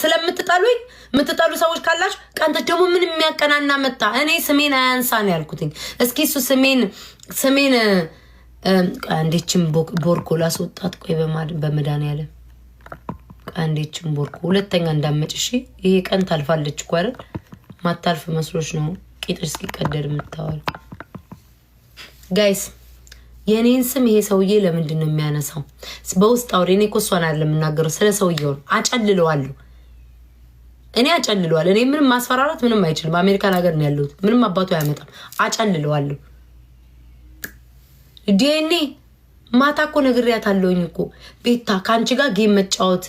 ስለምትጠሉኝ የምትጠሉ ሰዎች ካላችሁ ቀንተ ደግሞ ምን የሚያቀናና መጣ። እኔ ስሜን አያንሳ ነው ያልኩትኝ። እስኪ እሱ ስሜን ስሜን አንዴችን ቦርኮ ላስወጣት። ቆይ በመድኃኒዓለም አንዴችን ቦርኮ ሁለተኛ እንዳመጭ። እሺ ይሄ ቀን ታልፋለች እኮ አይደል? ማታልፍ መስሎች ነው ቂጥር እስኪቀደድ የምታዋል። ጋይስ የእኔን ስም ይሄ ሰውዬ ለምንድን ነው የሚያነሳው? በውስጥ አውሬ እኔ እኮ እሷን አይደለም የምናገረው ስለ ሰውዬው ነው። አጨልለዋለሁ እኔ አጨልለዋል። እኔ ምንም ማስፈራራት ምንም አይችልም። አሜሪካን ሀገር ነው ያለሁት። ምንም አባቱ አያመጣም። አጨልለዋለሁ። ዲኤንኤ ማታ እኮ ነግሬያታለሁኝ እኮ ቤታ፣ ከአንቺ ጋር ጌም መጫወት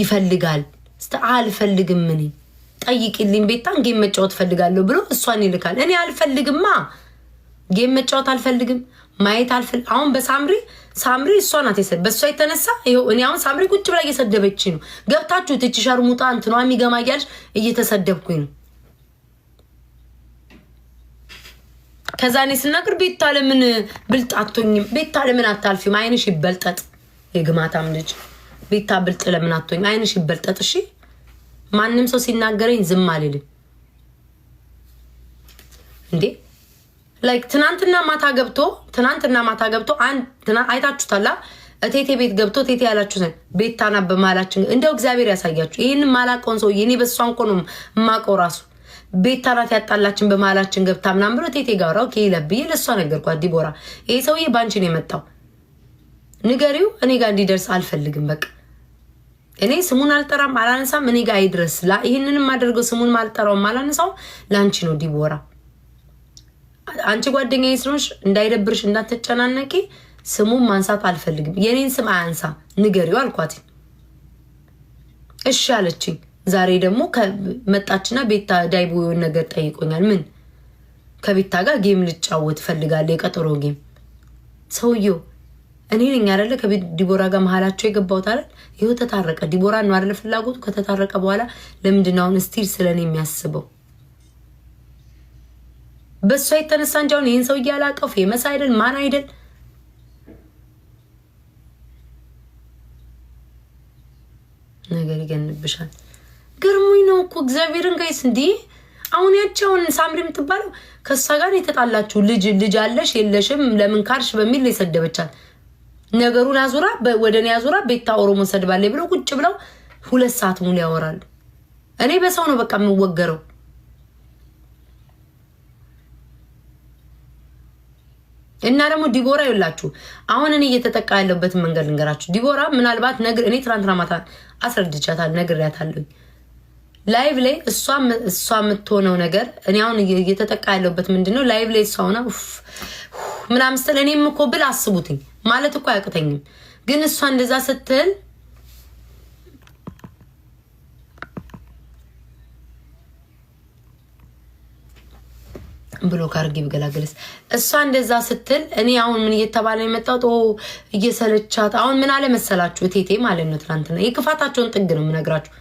ይፈልጋል። እስቲ አልፈልግም፣ እኔ ጠይቅልኝ፣ ቤታን ጌም መጫወት ፈልጋለሁ ብሎ እሷን ይልካል። እኔ አልፈልግማ፣ ጌም መጫወት አልፈልግም ማየት አልፈል አሁን በሳምሪ ሳምሪ እሷ ናት የሰ በእሷ የተነሳ ይኸው እኔ አሁን ሳምሪ ቁጭ ብላ እየሰደበች ነው። ገብታችሁ ትች ሸርሙጣ እንትኗ የሚገማ እያልሽ እየተሰደብኩኝ ነው። ከዛ እኔ ስናገር ቤታ ለምን ብልጥ አቶኝም? ቤታ ለምን አታልፊም? አይንሽ ይበልጠጥ። የግማታም ልጅ ቤታ ብልጥ ለምን አቶኝ? አይንሽ ይበልጠጥ። እሺ ማንም ሰው ሲናገረኝ ዝም አልልም እንዴ ላይክ ትናንትና ማታ ገብቶ ትናንትና ማታ ገብቶ አይታችሁታላ። እቴቴ ቤት ገብቶ ቴቴ ያላችሁትን ታና በማላችን እንደው እግዚአብሔር ያሳያችሁ። ይህን ማላቀውን ሰው እኔ በሷ ነው ማቀው ራሱ ቤት ታናት ያጣላችን በማላችን ገብታ ምናምን ብሎ ቴቴ ጋር ኦኬ ይለብዬ ለእሷ ነገርኳት። ዲቦራ ይህ ሰውዬ ባንችን የመጣው ንገሪው፣ እኔ ጋር እንዲደርስ አልፈልግም። በቃ እኔ ስሙን አልጠራም አላነሳም፣ እኔ ጋር አይድረስ። ይህንንም አደርገው ስሙን አልጠራውም አላነሳውም። ለአንቺ ነው ዲቦራ አንቺ ጓደኛዬ ስለሆንሽ እንዳይደብርሽ እንዳትጨናነቂ ስሙን ማንሳት አልፈልግም። የኔን ስም አያንሳ ንገሪው አልኳት። እሺ አለችኝ። ዛሬ ደግሞ መጣችና ቤታ ዳይቦ የሆን ነገር ጠይቆኛል። ምን ከቤታ ጋር ጌም ልጫወት ፈልጋለ የቀጠሮ ጌም። ሰውየው እኔ ነኝ አይደለ ከቤት ዲቦራ ጋር መሀላቸው የገባሁት አይደል? ይኸው ተታረቀ። ዲቦራ ነው አይደለ ፍላጎቱ። ከተታረቀ በኋላ ለምንድን ነው አሁን ስቲል ስለኔ የሚያስበው? በእሷ የተነሳ እንጂ አሁን ይህን ሰውዬ አላውቀው ፌመስ አይደል ማን አይደል ነገር ይገንብሻል። ገርሞኝ ነው እኮ እግዚአብሔርን ጋይስ እንዲህ አሁን ያቸውን ሳምሪ የምትባለው ከእሷ ጋር የተጣላችሁ ልጅ ልጅ አለሽ የለሽም ለምን ካርሽ በሚል የሰደበቻል። ነገሩን አዙራ ወደ እኔ አዙራ ቤታ ኦሮሞ ሰድባለ ብለው ቁጭ ብለው ሁለት ሰዓት ሙሉ ያወራሉ። እኔ በሰው ነው በቃ የምወገረው። እና ደግሞ ዲቦራ ይላችሁ አሁን እኔ እየተጠቃ ያለሁበትን መንገድ ልንገራችሁ። ዲቦራ ምናልባት ነግር እኔ ትናንትና ማታ አስረድቻታል፣ ነግሬያታለሁ ላይቭ ላይ እሷ የምትሆነው ነገር እኔ አሁን እየተጠቃ ያለሁበት ምንድን ነው? ላይቭ ላይ እሷ ሆነ ምናምን ስትል እኔም እኮ ብል አስቡትኝ ማለት እኮ አያቅተኝም፣ ግን እሷ እንደዛ ስትል ብሎ ካርጌ ብገላገልስ እሷ እንደዛ ስትል እኔ አሁን ምን እየተባለ የመጣሁት እየሰለቻት አሁን ምን አለመሰላችሁ ቴቴ ማለት ነው። ትናንትና የክፋታቸውን ጥግ ነው የምነግራችሁ።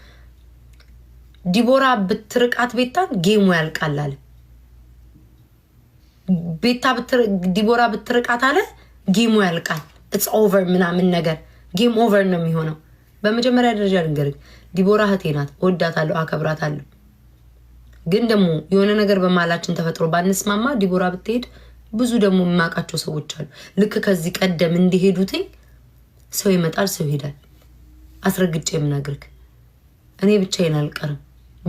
ዲቦራ ብትርቃት ቤታን ጌሙ ያልቃል አለ ቤታ ዲቦራ ብትርቃት አለ ጌሙ ያልቃል። ኢትስ ኦቨር ምናምን ነገር ጌም ኦቨር ነው የሚሆነው። በመጀመሪያ ደረጃ ልንገርህ ዲቦራ እህቴ ናት። እወዳታለሁ፣ አከብራታለሁ ግን ደግሞ የሆነ ነገር በማላችን ተፈጥሮ ባንስማማ ዲቦራ ብትሄድ ብዙ ደግሞ የማውቃቸው ሰዎች አሉ። ልክ ከዚህ ቀደም እንዲሄዱትኝ ሰው ይመጣል፣ ሰው ይሄዳል። አስረግጬ የምነግርክ እኔ ብቻዬን አልቀርም።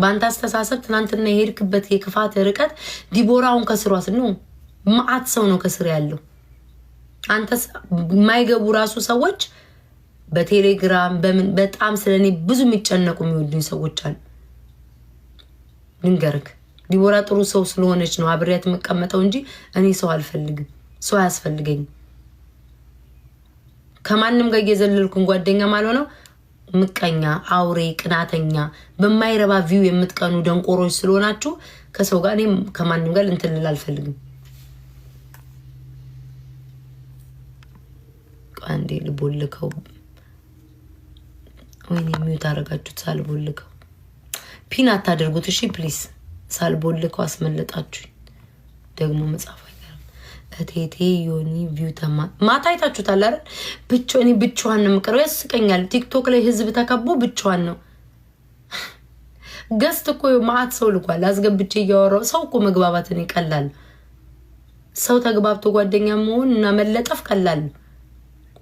በአንተ አስተሳሰብ ትናንትና የሄድክበት የክፋት ርቀት ዲቦራውን ከስሯ ስኖ መዓት ሰው ነው ከስር ያለው። አንተ የማይገቡ ራሱ ሰዎች በቴሌግራም በምን በጣም ስለእኔ ብዙ የሚጨነቁ የሚወዱኝ ሰዎች አሉ። ልንገርግ ዲቦራ ጥሩ ሰው ስለሆነች ነው አብሬያት የምቀመጠው እንጂ እኔ ሰው አልፈልግም፣ ሰው አያስፈልገኝ። ከማንም ጋር እየዘለልኩን ጓደኛ ማልሆነው ምቀኛ፣ አውሬ፣ ቅናተኛ በማይረባ ቪው የምትቀኑ ደንቆሮች ስለሆናችሁ ከሰው ጋር እኔም ከማንም ጋር እንትን ልል አልፈልግም። አንዴ ልቦልከው ወይ የሚዩት አረጋችሁት ሳልቦልከው ፒን አታደርጉት እሺ ፕሊስ። ሳልቦልከው አስመለጣችሁኝ። ደግሞ መጽሐፍ አይቀርም። እቴቴ ዮኒ ቪው ተማ ማታ አይታችሁታል አይደል? ብቻ እኔ ብቻዋን ነው የምቀረው። ያስቀኛል። ቲክቶክ ላይ ህዝብ ተከቦ ብቻዋን ነው ገስት እኮ መዓት ሰው ልኳል። አስገብቼ እያወራው ሰው እኮ መግባባትን ይቀላል። ሰው ተግባብቶ ጓደኛ መሆን እና መለጠፍ ቀላል።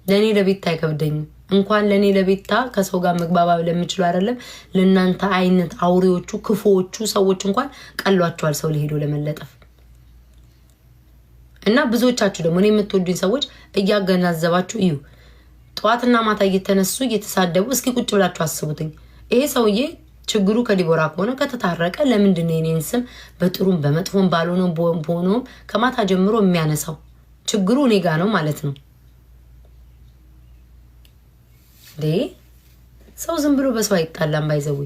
ለእኔ ለቤት አይከብደኝም። እንኳን ለእኔ ለቤታ ከሰው ጋር መግባባብ ለምችሉ አይደለም ለእናንተ አይነት አውሬዎቹ ክፉዎቹ ሰዎች እንኳን ቀሏቸዋል ሰው ሊሄዱ ለመለጠፍ እና ብዙዎቻችሁ ደግሞ እኔ የምትወዱኝ ሰዎች እያገናዘባችሁ እዩ። ጠዋትና ማታ እየተነሱ እየተሳደቡ እስኪ ቁጭ ብላችሁ አስቡትኝ። ይሄ ሰውዬ ችግሩ ከዲቦራ ከሆነ ከተታረቀ ለምንድን ነው የኔን ስም በጥሩም በመጥፎም ባልሆነም በሆነውም ከማታ ጀምሮ የሚያነሳው? ችግሩ እኔ ጋ ነው ማለት ነው። ሰው ዝም ብሎ በሰው አይጣላም። ባይዘዌ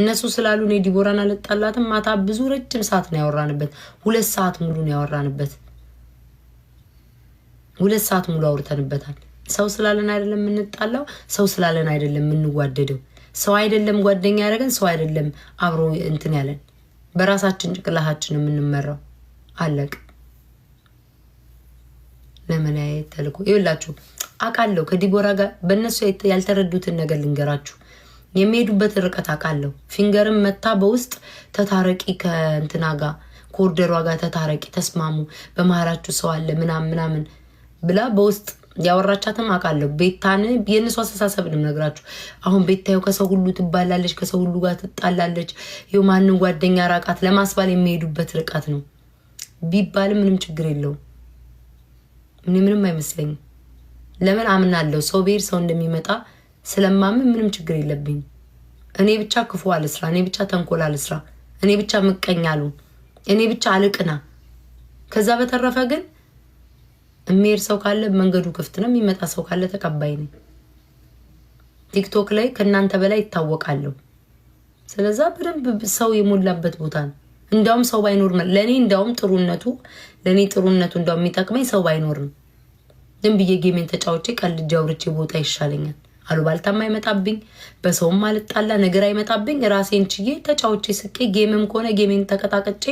እነሱ ስላሉ እኔ ዲቦራን አልጣላትም። ማታ ብዙ ረጅም ሰዓት ነው ያወራንበት። ሁለት ሰዓት ሙሉ ነው ያወራንበት። ሁለት ሰዓት ሙሉ አውርተንበታል። ሰው ስላለን አይደለም የምንጣላው፣ ሰው ስላለን አይደለም የምንዋደደው። ሰው አይደለም ጓደኛ ያደረገን፣ ሰው አይደለም አብሮ እንትን ያለን። በራሳችን ጭቅላታችን የምንመራው አለቅ ለመለያየት ተልኮ ይብላችሁ አውቃለሁ። ከዲቦራ ጋር በእነሱ ያልተረዱትን ነገር ልንገራችሁ። የሚሄዱበትን ርቀት አውቃለሁ። ፊንገርም መታ በውስጥ ተታረቂ፣ ከእንትና ጋር ከወርደሯ ጋር ተታረቂ፣ ተስማሙ፣ በመሀላችሁ ሰው አለ ምናምን ምናምን ብላ በውስጥ ያወራቻትም አውቃለሁ። ቤታን የእነሱ አስተሳሰብ ነው የምነግራችሁ። አሁን ቤታዩ ከሰው ሁሉ ትባላለች፣ ከሰው ሁሉ ጋር ትጣላለች፣ የማንም ጓደኛ ራቃት ለማስባል የሚሄዱበት ርቀት ነው ቢባል ምንም ችግር የለውም። እኔ ምንም አይመስለኝም። ለምን አምናለሁ። ሰው ብሄድ ሰው እንደሚመጣ ስለማምን ምንም ችግር የለብኝ እኔ ብቻ ክፉ አልስራ፣ እኔ ብቻ ተንኮል አልስራ፣ እኔ ብቻ ምቀኝ አሉ፣ እኔ ብቻ አልቅና። ከዛ በተረፈ ግን የሚሄድ ሰው ካለ መንገዱ ክፍት ነው፣ የሚመጣ ሰው ካለ ተቀባይ ነኝ። ቲክቶክ ላይ ከእናንተ በላይ ይታወቃለሁ። ስለዛ በደንብ ሰው የሞላበት ቦታ ነው። እንዲያውም ሰው ባይኖር ለእኔ፣ እንዲያውም ጥሩነቱ ለእኔ ጥሩነቱ እንዲያውም የሚጠቅመኝ ሰው ባይኖር ነው። ዝም ብዬ ጌሜን ተጫውቼ ቀልጄ አውርቼ ቦታ ይሻለኛል። አሉባልታም አይመጣብኝ፣ በሰውም አልጣላ፣ ነገር አይመጣብኝ። ራሴን ችዬ ተጫውቼ ስቄ ጌምም ከሆነ ጌሜን ተቀጣቅጬ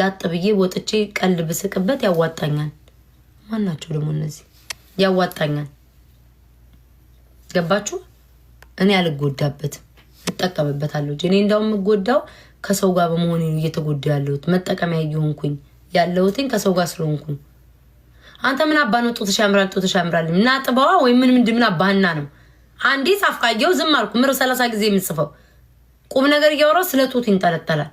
ላጥ ብዬ ወጥቼ ቀል ብስቅበት ያዋጣኛል። ማን ናቸው ደግሞ እነዚህ? ያዋጣኛል። ገባችሁ? እኔ አልጎዳበትም፣ እጠቀምበታለሁ። እኔ እንዳውም የምጎዳው ከሰው ጋር በመሆን እየተጎዳ ያለሁት መጠቀሚያ እየሆንኩኝ ያለሁትኝ ከሰው ጋር ስለሆንኩኝ አንተ ምን አባ ነው ጡትሽ ያምራል ጡትሽ ያምራል እና ጥበዋ ወይም ምን ምንድን ምን አባህና ነው? አንዴ ሳፍቃየው ዝም አልኩ። ምር ሰላሳ ጊዜ የምጽፈው ቁም ነገር እያወራው ስለ ጡት ይንጠለጠላል።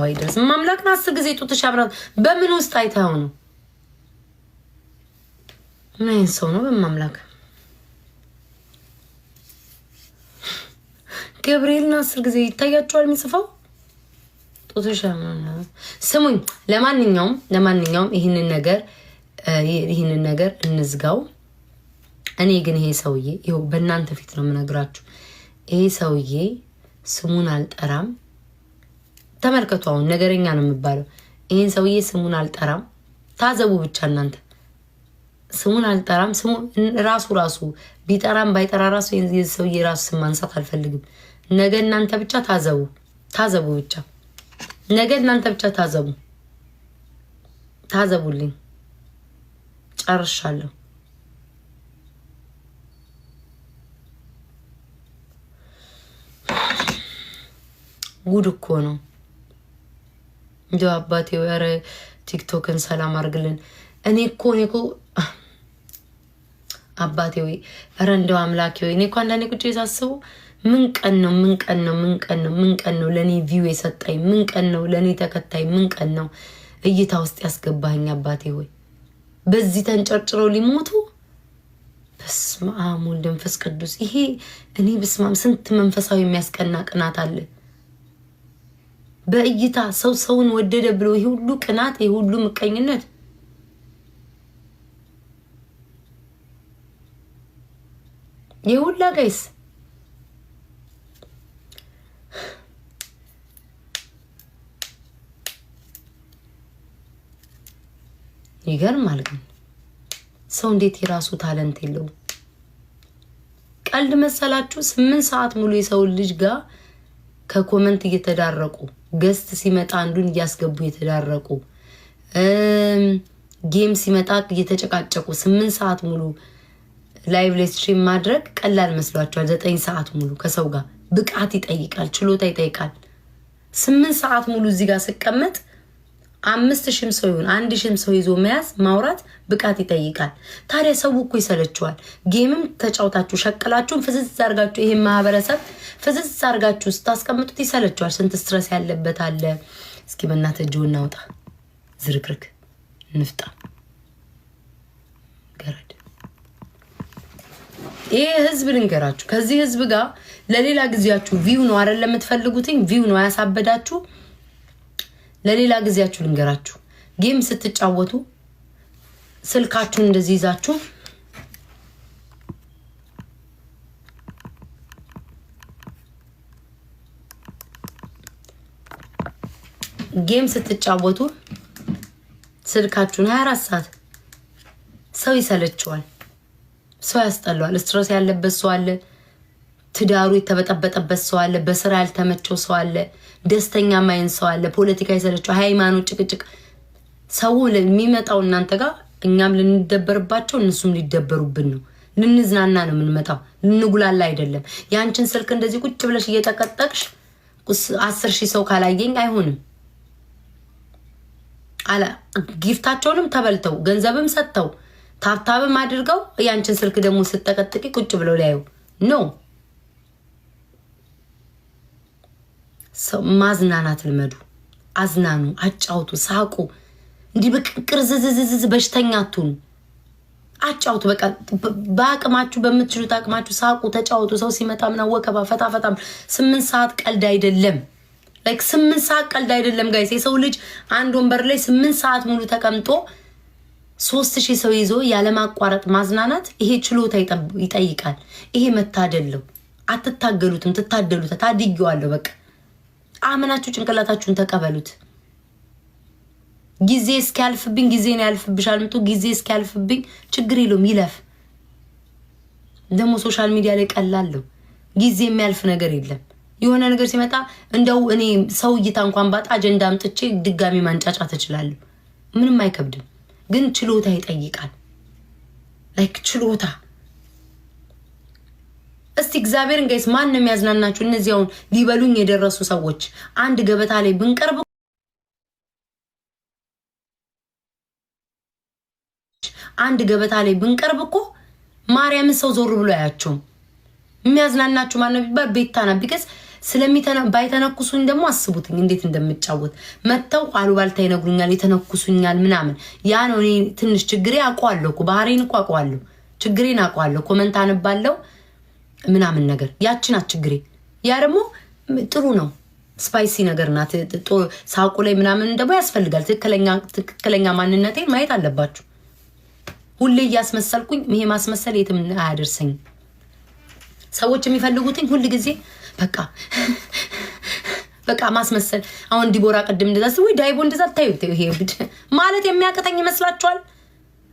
ወይ ይድረስ ማምላክን አስር ጊዜ ጡትሽ ያምራል በምን ውስጥ አይተኸው ነው? ምን አይነት ሰው ነው? በማምላክ ገብርኤልን አስር ጊዜ ይታያቸዋል የሚጽፈው ጡቶች ስሙኝ። ለማንኛውም ለማንኛውም ይህንን ነገር ይህንን ነገር እንዝጋው። እኔ ግን ይሄ ሰውዬ ይኸው በእናንተ ፊት ነው የምነግራችሁ። ይሄ ሰውዬ ስሙን አልጠራም። ተመልከቱ፣ አሁን ነገረኛ ነው የሚባለው። ይህን ሰውዬ ስሙን አልጠራም። ታዘቡ ብቻ እናንተ ስሙን አልጠራም። ስሙ ራሱ ራሱ ቢጠራም ባይጠራ ራሱ ሰውዬ ራሱ ስም ማንሳት አልፈልግም። ነገ እናንተ ብቻ ታዘቡ ታዘቡ ብቻ ነገ እናንተ ብቻ ታዘቡ፣ ታዘቡልኝ። ጨርሻለሁ። ጉድ እኮ ነው። እንዲያው አባቴ ኧረ ቲክቶክን ሰላም አድርግልን። እኔ እኮ እኔ እኮ አባቴ ወይ ኧረ እንደው አምላኬ ወይ እኔ እኮ አንዳንዴ ቁጭ ሳስበው ምን ቀን ነው ምን ቀን ነው ምን ቀን ነው ምን ቀን ነው ለእኔ ቪው የሰጠኝ? ምን ቀን ነው ለእኔ ተከታይ? ምን ቀን ነው እይታ ውስጥ ያስገባኝ? አባቴ ሆይ በዚህ ተንጨርጭረው ሊሞቱ በስመ አብ ቅዱስ። ይሄ እኔ በስመ አብ ስንት መንፈሳዊ የሚያስቀና ቅናት አለ። በእይታ ሰው ሰውን ወደደ ብሎ ይሄ ሁሉ ቅናት፣ ይሄ ሁሉ ምቀኝነት የሁላ ጋይስ ይገርማል ግን ሰው እንዴት የራሱ ታለንት የለው ቀልድ መሰላችሁ? ስምንት ሰዓት ሙሉ የሰውን ልጅ ጋር ከኮመንት እየተዳረቁ ገስት ሲመጣ አንዱን እያስገቡ እየተዳረቁ ጌም ሲመጣ እየተጨቃጨቁ ስምንት ሰዓት ሙሉ ላይቭ ላይ ስትሪም ማድረግ ቀላል መስሏቸዋል። ዘጠኝ ሰዓት ሙሉ ከሰው ጋር ብቃት ይጠይቃል፣ ችሎታ ይጠይቃል። ስምንት ሰዓት ሙሉ እዚህ ጋር ስቀመጥ አምስት ሺህም ሰው ይሁን አንድ ሺህም ሰው ይዞ መያዝ ማውራት ብቃት ይጠይቃል። ታዲያ ሰው እኮ ይሰለችዋል። ጌምም ተጫውታችሁ ሸቅላችሁም ፍዝዝ አርጋችሁ ይህን ማህበረሰብ ፍዝዝ አርጋችሁ ስታስቀምጡት ይሰለችዋል። ስንት ስትረስ ያለበት አለ። እስኪ በእናት እጅ እናውጣ፣ ዝርክርክ ንፍጣ ገረድ። ይሄ ህዝብ ልንገራችሁ፣ ከዚህ ህዝብ ጋር ለሌላ ጊዜያችሁ ቪው ነው አይደለም የምትፈልጉትኝ ቪው ነው አያሳበዳችሁ ለሌላ ጊዜያችሁ ልንገራችሁ። ጌም ስትጫወቱ ስልካችሁን እንደዚህ ይዛችሁ ጌም ስትጫወቱ ስልካችሁን 24 ሰዓት ሰው ይሰለችዋል፣ ሰው ያስጠላዋል። ስትረስ ያለበት ሰው አለ። ትዳሩ የተበጠበጠበት ሰው አለ። በስራ ያልተመቸው ሰው አለ። ደስተኛ ማይን ሰው አለ። ፖለቲካ የሰለቸው፣ ሃይማኖት ጭቅጭቅ። ሰው የሚመጣው እናንተ ጋር እኛም ልንደበርባቸው እነሱም ሊደበሩብን ነው። ልንዝናና ነው የምንመጣው፣ ልንጉላላ አይደለም። ያንችን ስልክ እንደዚህ ቁጭ ብለሽ እየጠቀጠቅሽ አስር ሺህ ሰው ካላየኝ አይሆንም። ጊፍታቸውንም ተበልተው ገንዘብም ሰጥተው ታብታብም አድርገው ያንችን ስልክ ደግሞ ስጠቀጥቂ ቁጭ ብለው ሊያዩ ነው። ማዝናናት ልመዱ። አዝናኑ፣ አጫውቱ፣ ሳቁ። እንዲህ በቅቅር ዝዝዝዝ በሽተኛ አትሁኑ። አጫውቱ። በቃ በአቅማችሁ በምትችሉት አቅማችሁ ሳቁ፣ ተጫወቱ። ሰው ሲመጣ ምናምን ወከባ ፈታፈታም ስምንት ሰዓት ቀልድ አይደለም። ላይክ ስምንት ሰዓት ቀልድ አይደለም ጋይስ። የሰው ልጅ አንድ ወንበር ላይ ስምንት ሰዓት ሙሉ ተቀምጦ ሶስት ሺህ ሰው ይዞ ያለማቋረጥ ማዝናናት ይሄ ችሎታ ይጠይቃል። ይሄ መታደለው አትታገሉትም፣ ትታደሉት። ታድጊዋለሁ በቃ አምናችሁ ጭንቅላታችሁን ተቀበሉት። ጊዜ እስኪያልፍብኝ ጊዜን ያልፍብሻል፣ ምጡ ጊዜ እስኪያልፍብኝ ችግር የለውም ይለፍ። ደግሞ ሶሻል ሚዲያ ላይ ቀላለሁ። ጊዜ የሚያልፍ ነገር የለም። የሆነ ነገር ሲመጣ እንደው እኔ ሰው እይታ እንኳን ባጣ አጀንዳ አምጥቼ ድጋሚ ማንጫጫ ትችላለሁ። ምንም አይከብድም፣ ግን ችሎታ ይጠይቃል። ላይክ ችሎታ እስቲ እግዚአብሔርን ጋይስ ማን ነው የሚያዝናናችሁ? እነዚህ ሊበሉኝ የደረሱ ሰዎች አንድ ገበታ ላይ ብንቀርብ አንድ ገበታ ላይ ብንቀርብ እኮ ማርያምን ሰው ዞር ብሎ አያቸውም። የሚያዝናናችሁ ማን ነው ቢባል ቤታና ቢቀስ ባይተነኩሱኝ ደግሞ አስቡትኝ እንዴት እንደምጫወት መጥተው አሉባልታ ይነግሩኛል፣ የተነኩሱኛል ምናምን። ያ ነው እኔ ትንሽ ችግሬ አውቀዋለሁ እኮ ባህሬን እኮ አውቀዋለሁ፣ ችግሬን አውቀዋለሁ። ኮመንት አንባለው ምናምን ነገር ያችን አችግሬ ያ ደግሞ ጥሩ ነው። ስፓይሲ ነገር ናት። ሳቁ ላይ ምናምን ደግሞ ያስፈልጋል። ትክክለኛ ማንነቴን ማየት አለባችሁ። ሁሌ እያስመሰልኩኝ ይሄ ማስመሰል የትም አያደርሰኝ። ሰዎች የሚፈልጉትኝ ሁል ጊዜ በቃ በቃ ማስመሰል። አሁን ዲቦራ ቅድም እንደዛ ዳይቦ እንደዛ ታዩ ማለት የሚያቅተኝ ይመስላችኋል?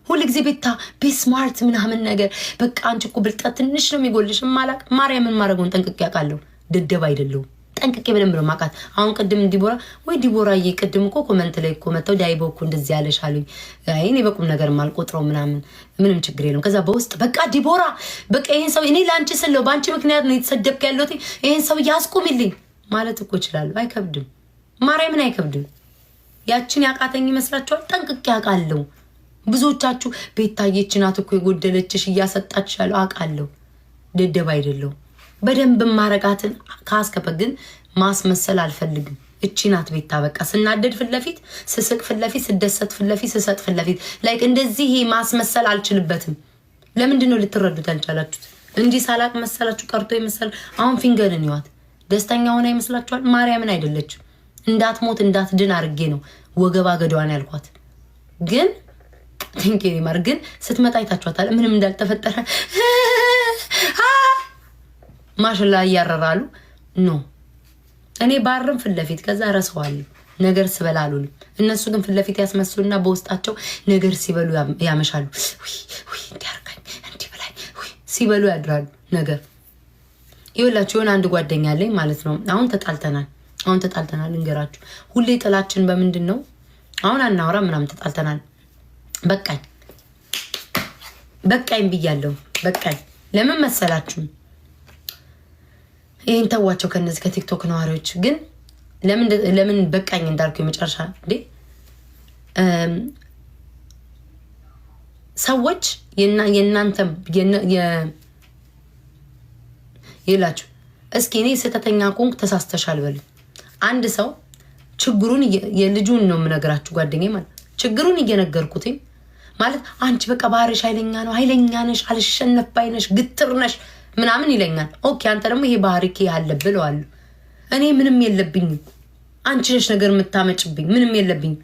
ሁል ጊዜ ቤታ ቤስማርት ምናምን ነገር በቃ አንቺ እኮ ብልጣ ትንሽ ነው የሚጎልሽ። ማላቅ ማርያምን ማድረገውን ጠንቅቄ አውቃለሁ። ደደብ አይደለሁም። ጠንቅቄ በደንብ ነው የማውቃት። አሁን ቅድም ዲቦራ ወይ ዲቦራዬ፣ ቅድም እኮ ኮመንት ላይ እኮ መጥተው ዳይቦ እኮ እንደዚህ ያለሽ አሉኝ። እኔ በቁም ነገር ማልቆጥረው ምናምን ምንም ችግር የለው ከዛ በውስጥ በቃ ዲቦራ፣ በቃ ይህን ሰው እኔ ለአንቺ ስለው በአንቺ ምክንያት ነው የተሰደብክ ያለሁት ይህን ሰው ያስቁሚልኝ ማለት እኮ እችላለሁ። አይከብድም፣ ማርያምን አይከብድም። ያችን ያቃተኝ ይመስላችኋል? ጠንቅቄ አውቃለሁ። ብዙዎቻችሁ ቤታየች ናት እኮ የጎደለችሽ እያሰጣች ያለው አውቃለሁ። ደደብ አይደለሁም። በደንብ ማረጋትን ከአስከፈ ግን ማስመሰል አልፈልግም። እቺ ናት ቤታ። በቃ ስናደድ ፍለፊት ስስቅ ፍለፊት ስደሰት ፍለፊት፣ ስሰጥ ፍለፊት ላይክ እንደዚህ ማስመሰል አልችልበትም። ለምንድን ነው ልትረዱት ያልቻላችሁት? እንዲህ ሳላቅ መሰላችሁ ቀርቶ ይመሰል። አሁን ፊንገርን ይዋት ደስተኛ ሆና ይመስላችኋል? ማርያምን አይደለችም። እንዳትሞት እንዳትድን አድርጌ ነው ወገባ ገዳዋን ያልኳት ግን ቴንኬሪ ማር ግን ስትመጣ አይታችኋታል። ምንም እንዳልተፈጠረ ማሽላ እያረራሉ ኖ እኔ ባርም ፊት ለፊት ከዛ ረሰዋለሁ። ነገር ስበላሉን እነሱ ግን ፊት ለፊት ያስመስሉና በውስጣቸው ነገር ሲበሉ ያመሻሉ። እንዲያርጋኝ እንዲህ ሲበሉ ያድራሉ። ነገር ይኸውላችሁ የሆነ አንድ ጓደኛ አለኝ ማለት ነው። አሁን ተጣልተናል። አሁን ተጣልተናል እንገራችሁ። ሁሌ ጥላችን በምንድን ነው? አሁን አናወራ ምናምን ተጣልተናል በቃኝ በቃኝ ብያለሁ። በቃኝ ለምን መሰላችሁ? ይህን ተዋቸው። ከነዚህ ከቲክቶክ ነዋሪዎች ግን ለምን በቃኝ እንዳልኩ የመጨረሻ እንዴ ሰዎች የእናንተ ይላችሁ እስኪ እኔ ስህተተኛ ኮንክ ተሳስተሻል በሉ። አንድ ሰው ችግሩን የልጁን ነው የምነግራችሁ ጓደኛ ማለት ችግሩን እየነገርኩትኝ ማለት አንቺ በቃ ባህርሽ ኃይለኛ ነው፣ ኃይለኛ ነሽ፣ አልሸነፍ ባይነሽ፣ ግትር ነሽ ምናምን ይለኛል። ኦኬ አንተ ደግሞ ይሄ ባህሪኬ አለ ብለዋለሁ። እኔ ምንም የለብኝም። አንቺ ነሽ ነገር የምታመጭብኝ። ምንም የለብኝም።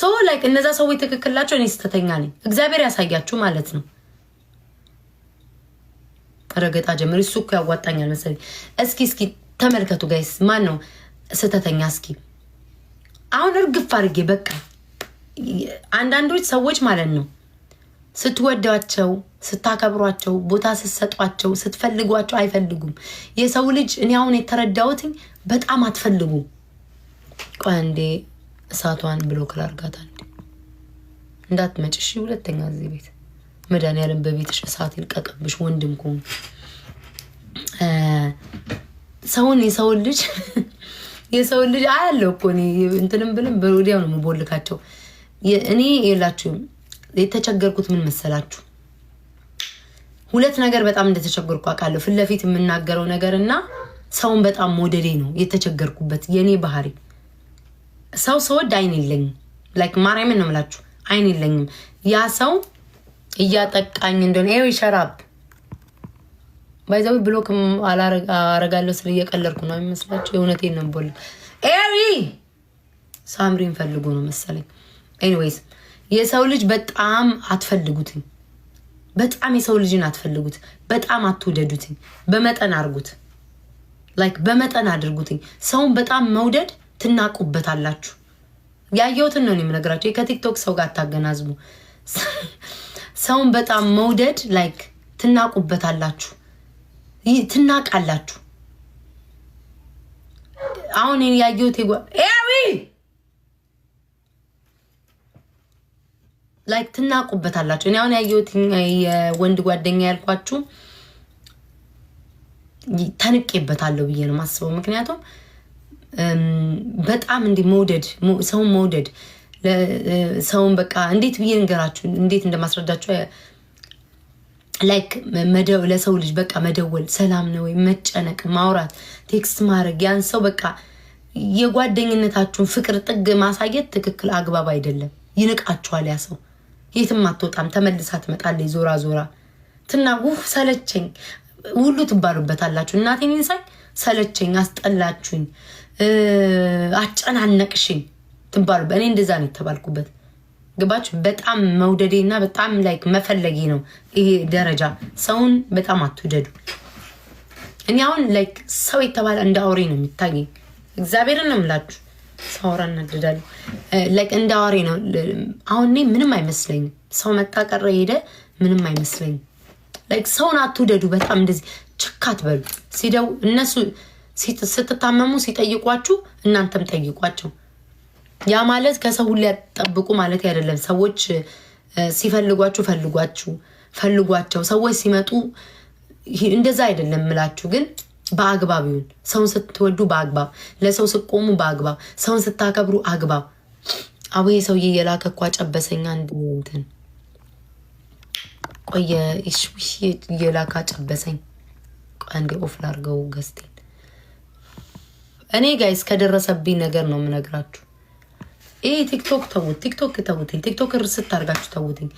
ሰው ላይ እነዛ ሰዎች ትክክላቸው፣ እኔ ስተተኛ ነኝ። እግዚአብሔር ያሳያችሁ ማለት ነው። ረገጣ ጀምር። እሱ እኮ ያዋጣኛል መሰለኝ። እስኪ እስኪ ተመልከቱ ጋይስ፣ ማን ነው ስተተኛ? እስኪ አሁን እርግፍ አድርጌ በቃ አንዳንዶች ሰዎች ማለት ነው ስትወዷቸው፣ ስታከብሯቸው፣ ቦታ ስትሰጧቸው፣ ስትፈልጓቸው አይፈልጉም። የሰው ልጅ እኔ አሁን የተረዳሁትኝ በጣም አትፈልጉ። ቆይ እንዴ እሳቷን ብሎክ ላድርጋታል። እንዳትመጭሽ ሁለተኛ እዚህ ቤት መድኃኒዓለም በቤትሽ እሳት ይልቀቅብሽ። ወንድም ኮ ሰውን የሰውን ልጅ የሰውን ልጅ አያለው እኮ እንትንም ብልም ወዲያው ነው የምቦልካቸው። እኔ የላችሁም የተቸገርኩት ምን መሰላችሁ? ሁለት ነገር በጣም እንደተቸገርኩ አውቃለሁ። ፊት ለፊት የምናገረው ነገር እና ሰውን በጣም ሞደሌ ነው የተቸገርኩበት። የእኔ ባህሪ ሰው ሰወድ አይን የለኝም። ላይክ ማርያምን ነው የምላችሁ፣ አይን የለኝም። ያ ሰው እያጠቃኝ እንደሆነ ይኸው ይሸራብ ባይዛዊ ብሎክ አረጋለሁ ስል እየቀለድኩ ነው የሚመስላቸው። የእውነቴን ነው። ቦል ኤሪ ሳምሪን ፈልጎ ነው መሰለኝ ኤኒዌይስ የሰው ልጅ በጣም አትፈልጉትኝ። በጣም የሰው ልጅን አትፈልጉት። በጣም አትውደዱትኝ። በመጠን አድርጉት። ላይክ በመጠን አድርጉትኝ። ሰውን በጣም መውደድ ትናቁበታላችሁ። ያየሁትን ነው የምነግራቸው። ከቲክቶክ ሰው ጋር አታገናዝቡ። ሰውን በጣም መውደድ ላይክ ትናቁበታላችሁ፣ ትናቃላችሁ። አሁን ያየሁት ላይክ ትናቁበታላችሁ። እኔ አሁን ያየሁት የወንድ ጓደኛ ያልኳችሁ ተንቄበታለሁ ብዬ ነው ማስበው። ምክንያቱም በጣም እንዲህ መውደድ ሰውን መውደድ ሰውን በቃ እንዴት ብዬ ንገራችሁ፣ እንዴት እንደማስረዳችሁ ላይክ ለሰው ልጅ በቃ መደወል፣ ሰላም ነው ወይ መጨነቅ፣ ማውራት፣ ቴክስት ማድረግ ያን ሰው በቃ የጓደኝነታችሁን ፍቅር ጥግ ማሳየት ትክክል አግባብ አይደለም። ይንቃችኋል ያ ሰው። የትም አትወጣም፣ ተመልሳ ትመጣለች ዞራ ዞራ ትና ውፍ ሰለቸኝ ሁሉ ትባሉበታላችሁ። እናቴን ንሳኝ ሰለቸኝ፣ አስጠላችሁኝ፣ አጨናነቅሽኝ ትባሉበት። እኔ እንደዛ ነው የተባልኩበት። ግባችሁ በጣም መውደዴ እና በጣም ላይክ መፈለጌ ነው ይሄ ደረጃ። ሰውን በጣም አትውደዱ። እኔ አሁን ላይክ ሰው የተባለ እንደ አውሬ ነው የሚታየኝ። እግዚአብሔርን ነው የምላችሁ። ሳውራ እናደዳለሁ። እንደ አዋሬ ነው። አሁን እኔ ምንም አይመስለኝም። ሰው መጣ ቀረ ሄደ ምንም አይመስለኝም። ሰውን አትውደዱ። በጣም እንደዚህ ችካ አትበሉ። ሲደው እነሱ ስትታመሙ ሲጠይቋችሁ እናንተም ጠይቋቸው። ያ ማለት ከሰው ሁሌ ያጠብቁ ማለት አይደለም። ሰዎች ሲፈልጓችሁ ፈልጓችሁ ፈልጓቸው። ሰዎች ሲመጡ እንደዛ አይደለም ምላችሁ ግን በአግባብ ይሁን። ሰውን ስትወዱ በአግባብ ለሰው ስቆሙ በአግባብ ሰውን ስታከብሩ አግባብ። አቡዬ ሰውዬ የላከ እኮ አጨበሰኛ እንትን ቆየ የላከ አጨበሰኝ። አንዴ ኦፍ ላርገው ገዝቴን። እኔ ጋይስ ከደረሰብኝ ነገር ነው የምነግራችሁ። ይህ ቲክቶክ ተውት፣ ቲክቶክ ተውትኝ፣ ቲክቶክ ርስ ስታርጋችሁ ተውትኝ።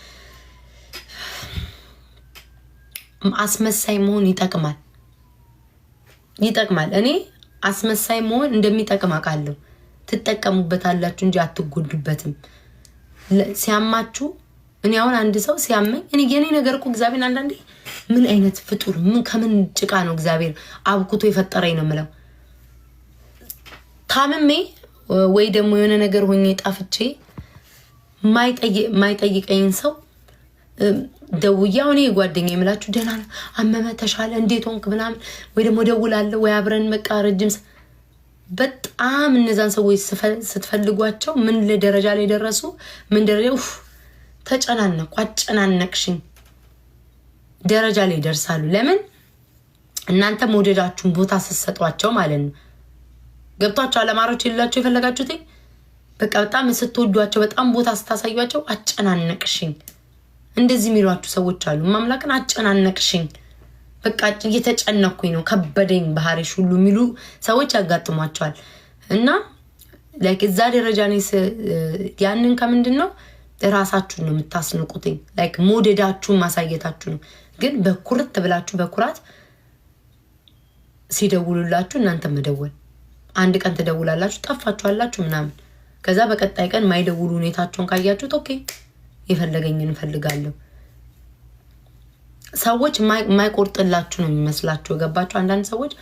አስመሳይ መሆን ይጠቅማል። ይጠቅማል። እኔ አስመሳይ መሆን እንደሚጠቅም አውቃለሁ። ትጠቀሙበታላችሁ እንጂ አትጎዱበትም። ሲያማችሁ እኔ አሁን አንድ ሰው ሲያመኝ እኔ የኔ ነገር እኮ እግዚአብሔር አንዳንዴ ምን አይነት ፍጡር ምን ከምን ጭቃ ነው እግዚአብሔር አብኩቶ የፈጠረኝ ነው የምለው። ታምሜ ወይ ደግሞ የሆነ ነገር ሆኜ ጣፍቼ ማይጠይቀኝን ሰው ደውዬ አሁን ጓደኛ የምላችሁ ደህና ነው አመመ ተሻለ እንዴት ሆንክ ምናምን ወይ ደግሞ ደውላለሁ ወይ አብረን በቃ ረጅም በጣም እነዛን ሰዎች ስትፈልጓቸው ምን ደረጃ ላይ ደረሱ? ምን ደረጃ ፍ ተጨናነቁ፣ አጨናነቅሽኝ ደረጃ ላይ ይደርሳሉ። ለምን እናንተ መውደዳችሁን ቦታ ስትሰጧቸው ማለት ነው። ገብቷቸው አለማሮች የሌላቸው የፈለጋችሁት በቃ በጣም ስትወዷቸው፣ በጣም ቦታ ስታሳዩቸው አጨናነቅሽኝ እንደዚህ የሚሏችሁ ሰዎች አሉ። ማምላክን አጨናነቅሽኝ፣ በቃ እየተጨነኩኝ ነው፣ ከበደኝ፣ ባህሪሽ ሁሉ የሚሉ ሰዎች ያጋጥሟቸዋል። እና ላይክ እዛ ደረጃ እኔ ያንን ከምንድን ነው ራሳችሁን ነው የምታስንቁትኝ፣ ላይክ መውደዳችሁን ማሳየታችሁ ነው። ግን በኩርት ብላችሁ በኩራት ሲደውሉላችሁ እናንተ መደወል አንድ ቀን ትደውላላችሁ፣ ጠፋችኋላችሁ ምናምን። ከዛ በቀጣይ ቀን ማይደውሉ ሁኔታቸውን ካያችሁት ኦኬ የፈለገኝ እንፈልጋለሁ። ሰዎች የማይቆርጥላችሁ ነው የሚመስላችሁ። የገባችሁ አንዳንድ ሰዎች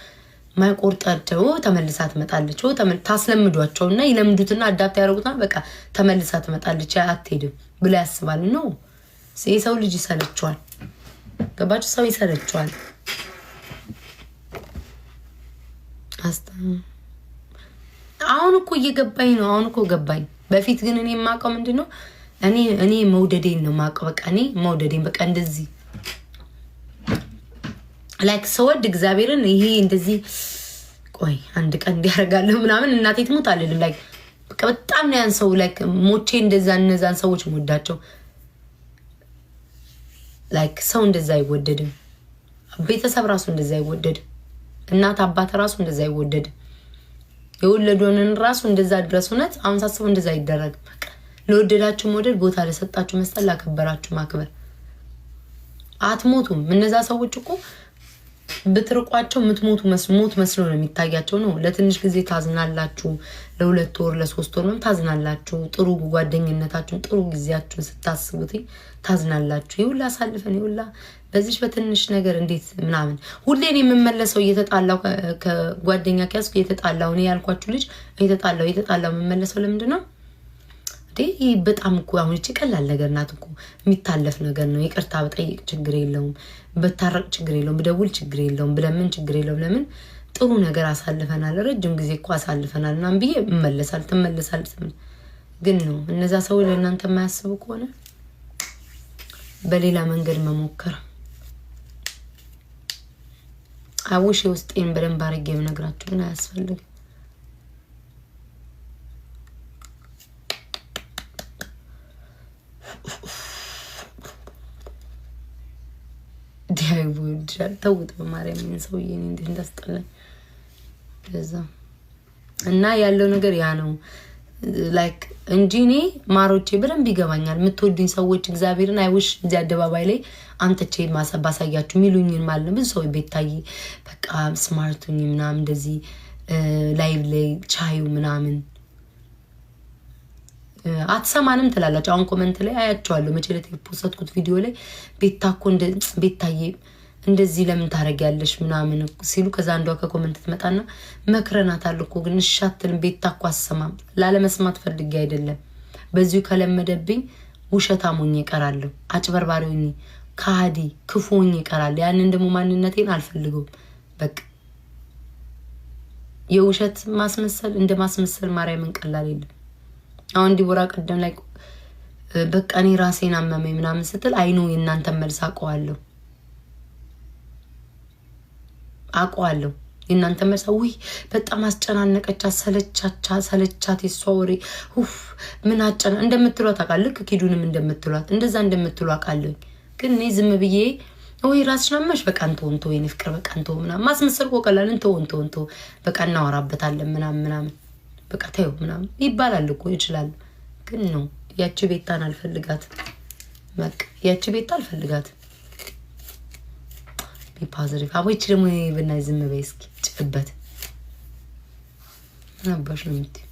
ማይቆርጣቸው ተመልሳ ትመጣለች። ታስለምዷቸው እና ይለምዱትና አዳፕት ያደረጉትና በቃ ተመልሳ ትመጣለች አትሄድም ብላ ያስባል። ነው የሰው ልጅ ይሰለችዋል። ገባችሁ? ሰው ይሰለችዋል። አሁን እኮ እየገባኝ ነው። አሁን እኮ ገባኝ። በፊት ግን እኔ የማውቀው ምንድን ነው እኔ እኔ መውደዴን ነው የማውቀው። በቃ እኔ መውደዴን በቃ እንደዚህ ላይክ ሰወድ እግዚአብሔርን ይሄ እንደዚህ ቆይ አንድ ቀን እንዲያደርጋለሁ ምናምን እናቴ ትሞት አልልም። ላይክ በቃ በጣም ነው ያን ሰው ላይክ ሞቼ እንደዛ እነዛን ሰዎች መወዳቸው ላይክ ሰው እንደዛ አይወደድም። ቤተሰብ ራሱ እንደዛ አይወደድም። እናት አባት ራሱ እንደዛ አይወደድም። የወለዱንን ራሱ እንደዛ ድረስ እውነት አሁን ሳስበው እንደዛ አይደረግም ለወደዳችሁ መውደድ፣ ቦታ ለሰጣችሁ መስጠት፣ ላከበራችሁ ማክበር። አትሞቱም። እነዛ ሰዎች እኮ ብትርቋቸው የምትሞቱ ሞት መስሎ ነው የሚታያቸው። ነው ለትንሽ ጊዜ ታዝናላችሁ። ለሁለት ወር ለሶስት ወር ታዝናላችሁ። ጥሩ ጓደኝነታችሁን ጥሩ ጊዜያችሁን ስታስቡት ታዝናላችሁ። ይሁላ አሳልፈን ይሁላ በዚች በትንሽ ነገር እንዴት ምናምን እኔ የምመለሰው እየተጣላው ከጓደኛ ከያዝኩ እየተጣላው እኔ ያልኳችሁ ልጅ እየተጣላው እየተጣላው የምመለሰው ለምንድን ነው? ይህ በጣም እኮ አሁን ይቺ ቀላል ነገር ናት እኮ የሚታለፍ ነገር ነው። ይቅርታ በጠይቅ ችግር የለውም፣ በታረቅ ችግር የለውም፣ ብደውል ችግር የለውም፣ ብለምን ችግር የለውም። ለምን ጥሩ ነገር አሳልፈናል፣ ረጅም ጊዜ እኮ አሳልፈናል ምናምን ብዬ እመለሳል ትመለሳል ግን ነው እነዛ ሰው ለእናንተ የማያስቡ ከሆነ በሌላ መንገድ መሞከር አውሽ የውስጤን በደንብ አድርጌ የምነግራችሁ ግን አያስፈልግም። ተውት በማርያም ሰውዬ እንዴት እንዳስጠላኝ። ለዛ እና ያለው ነገር ያ ነው ላይክ እንጂ እኔ ማሮቼ በደንብ ይገባኛል። የምትወዱኝ ሰዎች እግዚአብሔርን አይውሽ እዚህ አደባባይ ላይ አንተቼ ባሳያችሁ የሚሉኝን ማለት ነው። ብዙ ሰው ቤታይ በቃ ስማርቱኝ ምናምን እንደዚህ ላይቭ ላይ ቻዩ ምናምን አትሰማንም ትላላችሁ። አሁን ኮመንት ላይ አያቸዋለሁ መቼ ዕለት የፖሰትኩት ቪዲዮ ላይ ቤታኮ ቤታዬ እንደዚህ ለምን ታደርጊያለሽ ምናምን ሲሉ ከዛ አንዷ ከኮመንት ትመጣና መክረናታል እኮ ግን እሺ ቤት ቤታ አሰማም ላለመስማት ፈልጌ አይደለም። በዚሁ ከለመደብኝ ውሸታም ሆኜ እቀራለሁ። አጭበርባሪ ሆኜ፣ ከሃዲ ክፉ ሆኜ እቀራለሁ። ያንን ደግሞ ማንነቴን አልፈልገውም። በቃ የውሸት ማስመሰል እንደ ማስመሰል ማርያምን ቀላል የለም። አሁን ዲቦራ ቀደም ላይ በቃ እኔ ራሴን አመመኝ ምናምን ስትል አይኖ የእናንተ መልስ አውቀዋለሁ አውቀዋለሁ። የእናንተ መልሳ ውይ በጣም አስጨናነቀቻ፣ ሰለቻቻ፣ ሰለቻት፣ የሷ ወሬ ሁፍ ምን አጨና እንደምትሏት አውቃለሁ። ልክ ኪዱንም እንደምትሏት እንደዛ እንደምትሉ አውቃለሁ። ግን እኔ ዝም ብዬ ወይ ራስሽ ናመሽ በቃ እንተወንቶ የኔ ፍቅር በቃ እንተው ምናምን ማስመሰል እኮ ቀላል እንተወንቶ እንቶ በቃ እናወራበታለን ምናምን ምናምን በቃ ተይው ምናምን ይባላል እኮ ይችላል። ግን ነው ያቺ ቤታን አልፈልጋት፣ ያቺ ቤታ አልፈልጋት ፓዘሪፍ አቦች ደግሞ ብናይ ዝም በይ እስኪ ጭፍበት ነበር ነው የምትይው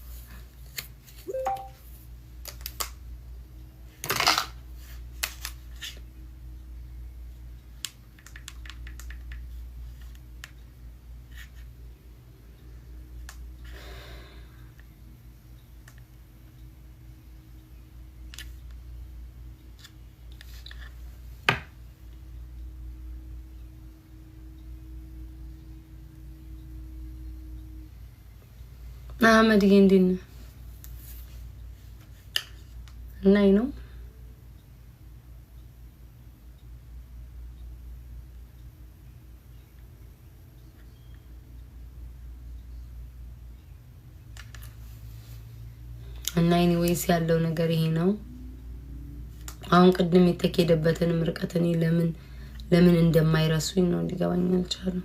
መሐመድዬ እንዴት ነህ? እናይ ነው እና ወይስ ያለው ነገር ይሄ ነው። አሁን ቅድም የተኬደበትንም ርቀት እኔ ለምን ለምን እንደማይረሱኝ ነው እንዲገባኝ አልቻለም።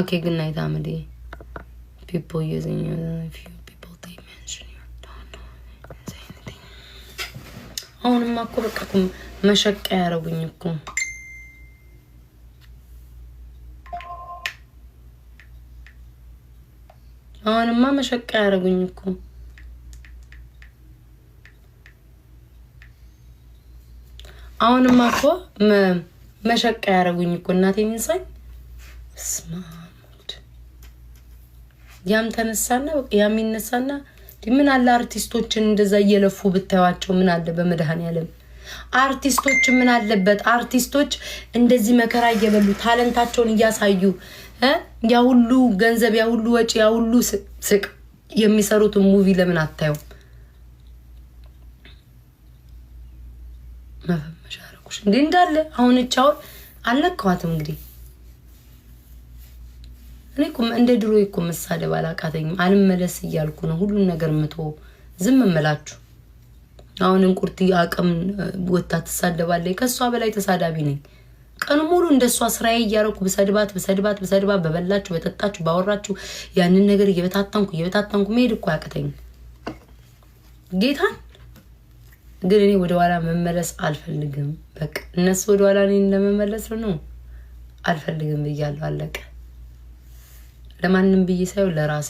Okay, good night, Amity. People using you, a few people they mention you. Don't know say anything. Oh, no, አሁንማ እኮ በቃ እኮ መሸቀ ያረጉኝ እኮ አሁንማ መሸቀ ያረጉኝ እኮ አሁንማ እኮ መሸቀ ያረጉኝ እኮ እናቴ ሚንሳኝ ስማ ያም ተነሳና ያም ይነሳና ምን አለ አርቲስቶችን እንደዛ እየለፉ ብታዩቸው ምን አለ በመድኃኔዓለም አርቲስቶች ምን አለበት አርቲስቶች እንደዚህ መከራ እየበሉ ታለንታቸውን እያሳዩ ያ ሁሉ ገንዘብ ያ ሁሉ ወጪ ያ ሁሉ ስቅ የሚሰሩትን ሙቪ ለምን አታዩም? መፈመሻ ረኩሽ እንዲህ እንዳለ አሁን እቻውን አልነካዋትም እንግዲህ እኔ እኮ እንደ ድሮ እኮ መሳደብ አላቃተኝም። አልመለስ እያልኩ ነው ሁሉን ነገር ምቶ ዝም እምላችሁ። አሁን እንቁርቲ አቅም ወታ ትሳደባለች። ከእሷ በላይ ተሳዳቢ ነኝ። ቀኑ ሙሉ እንደሷ ስራዬ እያረኩ ብሰድባት ብሰድባት ብሰድባት በበላችሁ በጠጣችሁ ባወራችሁ ያንን ነገር እየበታተንኩ እየበታተንኩ መሄድ እኮ አያቅተኝም። ጌታን ግን እኔ ወደኋላ መመለስ አልፈልግም። በቃ እነሱ ወደኋላ እኔን ለመመለስ ነው አልፈልግም ብያለሁ። አለቀ። ለማንም ብዬ ሳይሆን ለራሴ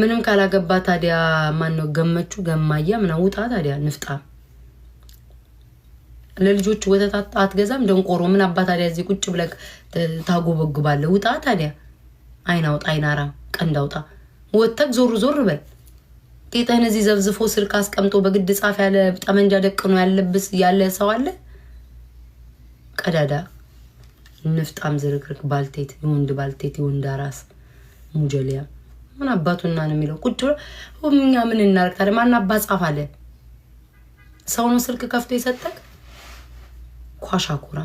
ምንም ካላገባ ታዲያ ማን ነው ገመቹ ገማያ ምናምን ውጣ ታዲያ ንፍጣ ለልጆች ወተት አትገዛም ደንቆሮ ምን አባ ታዲያ እዚህ ቁጭ ብለህ ታጎበግባለህ ውጣ ታዲያ አይናውጣ አይናራ ቀንዳውጣ ወተት ዞር ዞር በል ጤጠህን እዚህ ዘብዝፎ ስልክ አስቀምጦ በግድ ጻፍ ያለ ጠመንጃ ደቅኖ ያለብስ ያለ ሰው አለ። ቀዳዳ ንፍጣም፣ ዝርክርክ፣ ባልቴት፣ የወንድ ባልቴት፣ የወንድ አራስ ሙጀሊያ ምን አባቱና ነው የሚለው? ቁጭ እኛ ምን እናርግ ታዲያ? ማን አባ ጻፍ አለ? ሰው ነው ስልክ ከፍቶ የሰጠቅ ኳሻኩራ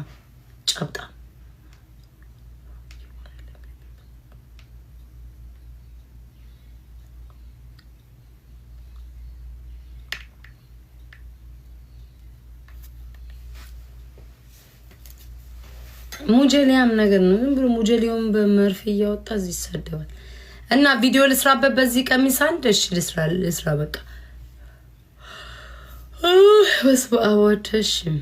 ጨብጣ ሙጀሊያም ነገር ነው። ዝም ብሎ ሙጀሊያውን በመርፌ እያወጣ እዚህ ይሳደባል። እና ቪዲዮ ልስራበት በዚህ ቀሚስ አንድ እሺ፣ ልስራ ልስራ በቃ በስበአዋተሽም